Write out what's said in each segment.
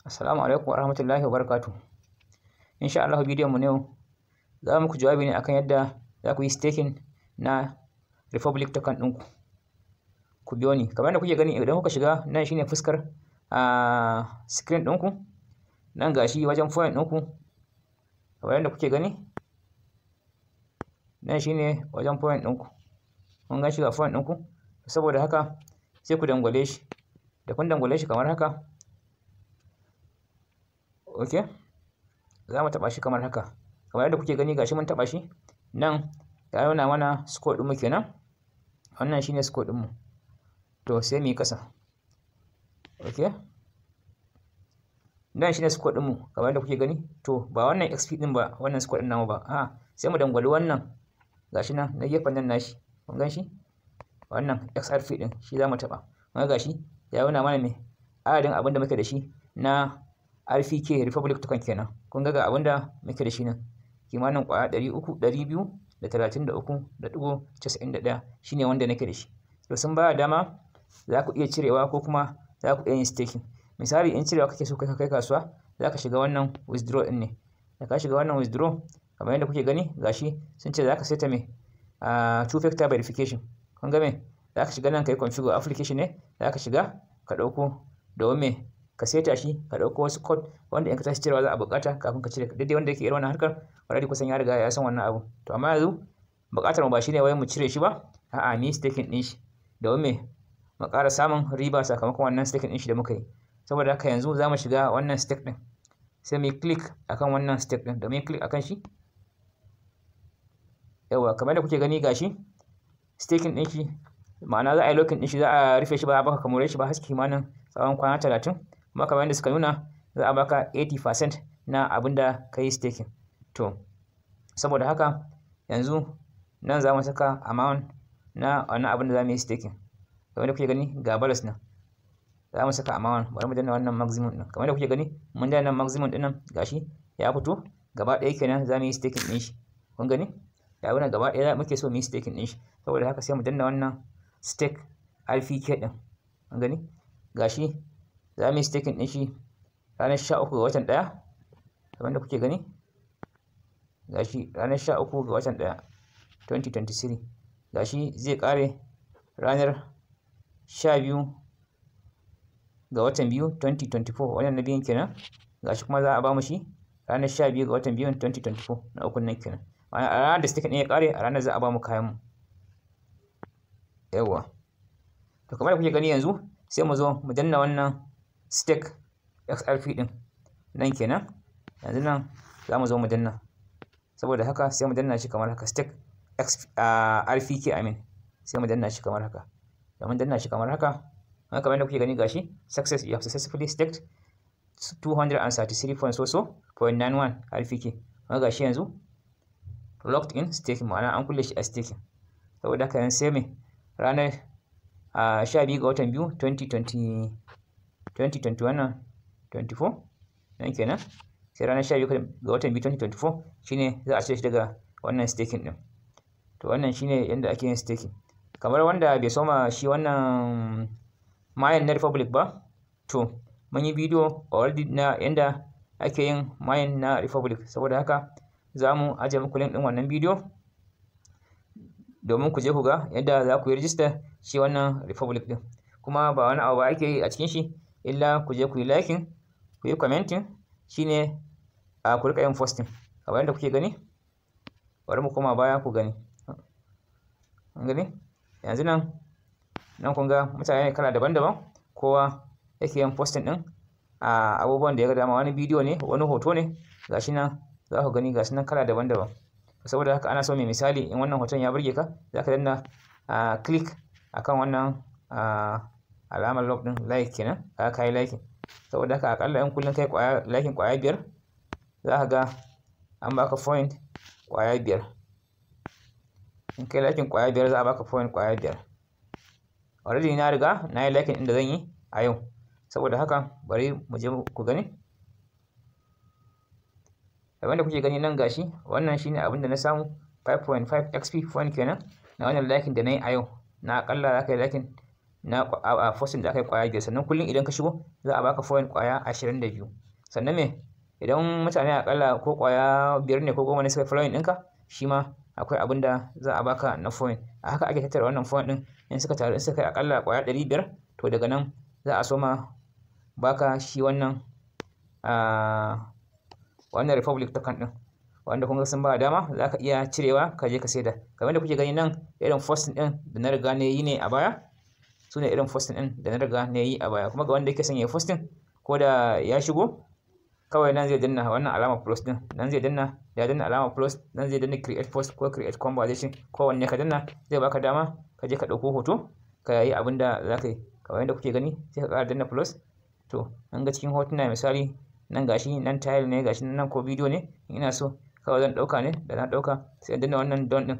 Assalamu alaikum warahmatullahi wabarakatuh. Insha Allah bidiyon mu ne za ku jawabi ne akan yadda za ku yi staking na Republic token din Ku biyo ni. Kamar yadda kuke gani idan kuka shiga nan shine fuskar a screen ku. Nan gashi wajen point ku. Kamar yadda kuke gani nan shine wajen point ku. Mun ga shi ga point ku Saboda haka sai ku dangwale shi. Da kun dangwale shi kamar haka ok za mu taɓa shi kamar haka kamar yadda kuke gani gashi mun taɓa shi nan ya nuna mana score ɗinmu kenan wannan shine score ɗinmu to sai mu yi ƙasa ok nan shine score ɗinmu kamar yadda kuke gani to ba wannan xp ɗin ba wannan score ɗin namu ba a sai mu dangwali wannan gashi nan na gefen nan nashi kun gan shi wannan xrp ɗin shi za mu taɓa kuma gashi ya nuna mana me adadin abin da muke da shi na rfk Republic kan kenan kun ga ga da muke da shi nan kimanin kwaya 300 233.91 shine wanda nake da shi to sun ba dama za ku iya cirewa ko kuma za ku iya yin staking misali in cirewa kake so kai kai kasuwa za ka shiga wannan withdraw din ne da ka shiga wannan withdraw kamar yadda kuke gani gashi sun ce za ka saita me a two factor verification kun ga me za ka shiga nan kai configure application ne za ka shiga ka ɗauko domin ka seta shi ka ɗauko wasu code wanda in ka tashi cirewa za a buƙata kafin ka cire daidai wanda yake irin wannan harkar already kusan ya riga ya san wannan abu to amma yanzu buƙatar mu ba shine wai mu cire shi ba a'a ni staking ɗin shi domin me mu ƙara samun riba sakamakon wannan staking ɗin shi da muka yi saboda haka yanzu za mu shiga wannan stake ɗin sai mu yi click akan wannan stake ɗin mu click akan shi yawa kamar da kuke gani gashi staking ɗin shi ma'ana za a yi lokin ɗin shi za a rufe shi ba a baka kamar shi ba haske kimanin tsawon kwana talatin kuma kamar yadda suka nuna za a baka 80% na abin da ka yi staking to saboda haka yanzu nan za mu saka amount na wannan abin da za mu yi staking kamar da kuke gani ga balance nan za mu saka amount bari mu danna wannan maximum din kamar da kuke gani mun danna maximum din nan gashi ya fito gaba ɗaya kenan za mu yi staking din shi kun gani ya wuna gaba ɗaya muke so mu yi staking din shi saboda haka sai mu danna wannan stake rpk din kun gani gashi za mu yi staking ɗin shi ranar sha uku ga watan ɗaya kamar da kuke gani ga shi ranar sha uku ga watan ɗaya 2023 ga shi zai ƙare ranar sha biyu ga watan biyu 2024 wannan na biyun kenan ga shi kuma za a ba mu shi ranar sha biyu ga watan biyu, 2024 na ukun nan kenan ma'ana a ranar da staking ɗin ya ƙare a ranar za a ba mu kayan mu yawa to kamar da kuke gani yanzu sai mu zo mu danna wannan stake xrp din nan kenan yanzu nan za mu zo mu danna saboda haka sai mu danna shi kamar haka stake ah, rpk amin sai mu danna shi kamar haka da mun danna shi kamar haka haka kamar da kuke gani gashi success you have successfully staked 233.91 rpk kuma gashi yanzu locked in staking ma'ana an kulle shi a staking saboda haka yanzu sai me ranar 12 ah, ga watan biyu 2020 2021 nan 24 nan kenan sai ranar 12 ga watan 2024 shine za a cire shi daga wannan staking din to wannan shine yanda ake yin staking kamar wanda bai soma shi wannan mayan na republic ba to mun yi bidiyo already na yanda ake yin mayan na republic saboda haka za mu ajiye muku link din wannan bidiyo domin ku je ku ga yadda za ku yi rijista shi wannan republic din kuma ba wani abu ba ake yi a cikin shi illa ku je ku yi liking ku yi shi ne a ku yin posting bayan yadda kuke gani bari mu koma baya ku gani gani yanzu nan nan kun ga mutane kala daban-daban kowa yake yin posting din a abubuwan da ya ga dama wani bidiyo ne wani hoto ne shi nan za ku gani shi nan kala daban-daban saboda haka ana so mai misali in wannan hoton ya burge ka za ka danna click akan wannan alamar log din like kenan ka kai like saboda haka akalla in kullum kai kwaya like kwaya biyar za ka ga an baka point kwaya biyar in kai like kwaya biyar za a baka point kwaya biyar already na riga na yi like inda zan yi a yau saboda haka bari mu je ku gani kamar da kuke gani nan gashi wannan shine abin da na samu 5.5 xp point kenan na wannan lakin da na yi a yau na akalla za ka yi lakin na a fosil da aka yi kwaya biyu sannan kullum idan ka shigo za a baka foil kwaya ashirin da biyu sannan me idan mutane akalla ko kwaya biyar ne ko goma ne suka following ɗinka shi ma akwai abin da za a baka na foil a haka ake tattara wannan foil ɗin in suka taru in suka kai akalla kwaya ɗari biyar to daga nan za a soma baka shi wannan wannan republic token ɗin wanda kun ga sun ba dama za ka iya cirewa ka je ka saida kamar da kuke gani nan irin first ɗin da na riga ne yi ne a baya su ne irin fostin ɗin da na riga na yi a baya kuma ga wanda yake son fostin ko da ya shigo kawai nan zai danna wannan alama plus din nan zai danna da danna alama plus nan zai danna create post ko create conversation ko wanne ka danna zai baka dama ka je ka ɗauko hoto ka yi abin da za ka yi kamar yadda kuke gani sai ka ƙara danna plus to an ga cikin hotuna misali nan gashi nan tile ne gashi nan ko bidiyo ne ina so kawai zan ɗauka ne da na ɗauka sai danna wannan don ɗin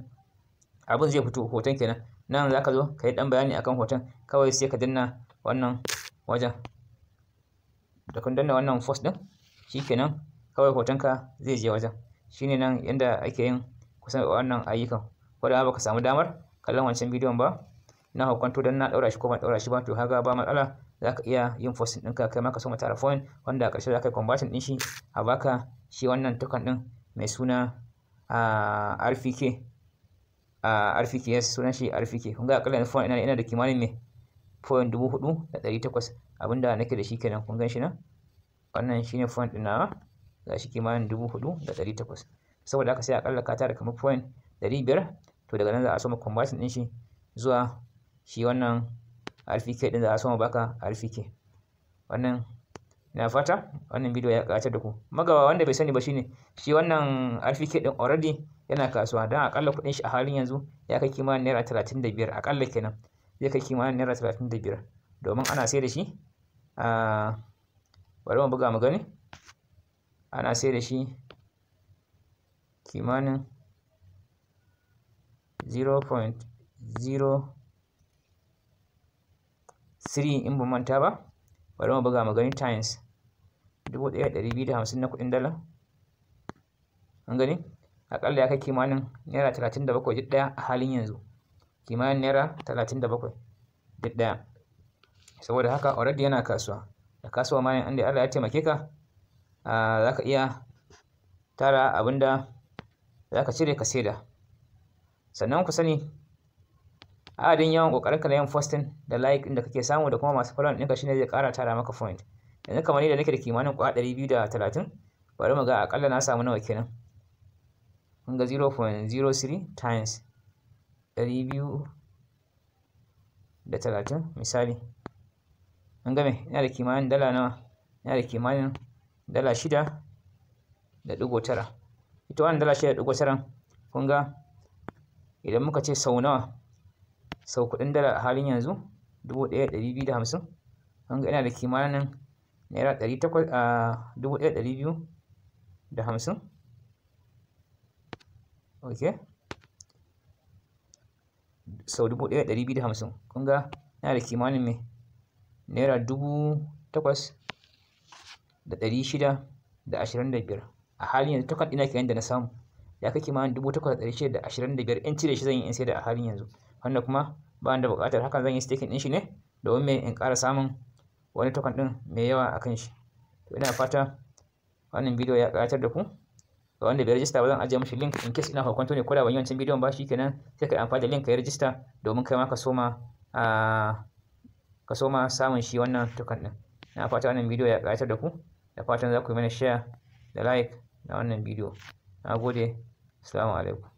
abin zai fito hoton kenan nan za ka zo ka yi ɗan bayani akan hoton kawai sai ka danna wannan wajen da kun danna wannan force ɗin shikenan kawai hotonka zai je wajen shine nan yanda ake yin kusan wannan ayyukan ko da ba ka samu damar kallon wancan bidiyon ba na hukunto dan na ɗaura shi ko ban ɗaura shi ba to haka ba matsala za ka iya yin posting ɗinka kai ma ka so mata tara wanda a ƙarshe za ka yi conversion ɗin shi a baka shi wannan token ɗin mai suna a ah, rpk arfiki yes sunan shi rfk kun ga akalla na fon ina da kimanin me fon dubu hudu da ɗari takwas abinda nake da shi kenan kun gan shi nan wannan shine fon ga shi kimanin dubu hudu da ɗari takwas saboda haka sai akalla ka tara kamar point ɗari biyar to daga nan za a soma conversion ɗin shi zuwa shi wannan rfk ɗin za a soma baka rfk wannan na fata wannan bidiyo ya kace da ku magawa wanda bai sani ba shine shi wannan rfk din already yana kasuwa don akalla kuɗin shi a halin yanzu ya kai kimanin naira talatin da biyar akalla kenan ya kai kimanin naira talatin da biyar domin ana sai da shi a bari mu buga mu gani ana sai da shi kimanin 0.03 in ba manta ba bari mu buga mu gani times dubu ɗaya da ɗari biyu da hamsin na kuɗin dala an gani aƙalla ya kai kimanin naira talatin da bakwai duk ɗaya a halin yanzu kimanin naira talatin da bakwai duk ɗaya saboda haka already yana kasuwa da kasuwa ma ne inda Allah ya taimake ka za ka iya tara abinda za ka cire ka saida sannan ku sani adadin yawan kokarinka na yin posting da like din da kake samu da kuma masu following ɗinka shine zai ƙara tara maka point yanzu kamar ni da nake da kimanin kwa ɗari biyu da talatin bari mu ga akalla na samu nawa kenan mun ga 0.03 times ɗari biyu da talatin misali mun ga me ina da kimanin dala nawa ina da kimanin dala shida da ɗigo tara ita wannan dala shida da ɗigo taran kun ga idan muka ce sau nawa sau kuɗin dala a halin yanzu dubu ɗaya da ɗari biyu da hamsin an ina da kimanin naira ɗari takwas a dubu ɗaya da ɗari biyu da hamsin ok sau dubu ɗaya ɗari biyu da hamsin ina da kimanin mai naira dubu takwas da ɗari shida da ashirin da biyar a halin yanzu takan ɗina kenan da na samu ya kai kimanin dubu takwas da ɗari shida da ashirin da biyar in cire shi zan yi in sai da a halin yanzu wanda kuma ba da buƙatar hakan zan yi staking ɗin shi ne domin me in ƙara samun wani token ɗin mai yawa a kan shi to ina fata wannan bidiyo ya ƙayatar da ku ga wanda bai rajista ba zan ajiye mishi link in case ina kwakwanto ne ko da ban yi wancan bidiyon ba shi kenan sai ka amfani da link ka yi rajista domin kai ma ka soma ka soma samun shi wannan token ɗin ina fata wannan bidiyo ya ƙayatar da ku da fatan za ku yi mana share da like na wannan bidiyo na gode assalamu alaikum